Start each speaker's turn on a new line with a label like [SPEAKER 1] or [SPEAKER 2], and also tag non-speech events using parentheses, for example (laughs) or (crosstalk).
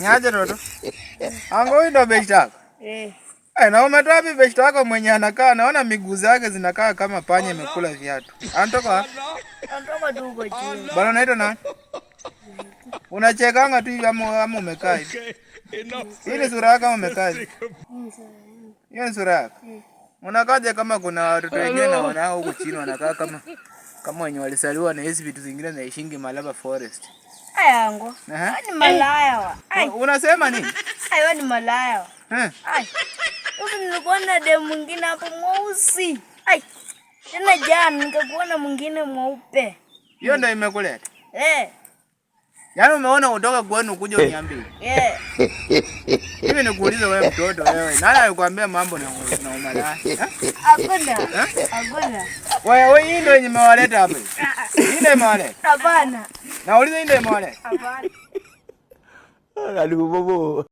[SPEAKER 1] Nyajeroto angoindo beshtako na eh. eh, umetapi beshtako mwenye anakaa naona miguu zake zinakaa kama panya imekula viatu. Antoka bana, naitwa nani? Unachekanga tu hivi ama umekaa hivi? Hii ni sura yako ama umekaa hivi? Hiyo ni sura yako. Eh. Unakaja kama kuna watoto wengine na wanao huku chini wanakaa kama kama wenye walisaliwa na hizi vitu zingine ishingi Malaba Forest.
[SPEAKER 2] Ayango. Ni malaya wa.
[SPEAKER 1] Unasema nini?
[SPEAKER 2] Ayo ni malaya wa. Ai. nilikuona demu mwingine hapo mweusi. Ai. Tena jana nikakuona mwingine mweupe.
[SPEAKER 1] Hiyo ndio imekuleta? Eh. Yaani umeona kutoka kwenu kuja eh. uniambie. Eh. Mimi (laughs) nikuulize wewe mtoto wewe. Nani alikwambia mambo na na umalaya?
[SPEAKER 2] (laughs) Hakuna. Eh? Hakuna.
[SPEAKER 1] Wewe wewe hii ndio yenye nimewaleta hapa. (laughs) Hii ndio imewaleta. Hapana. Nauliza hii ndio imewaleta.
[SPEAKER 2] Hapana. Alibobo.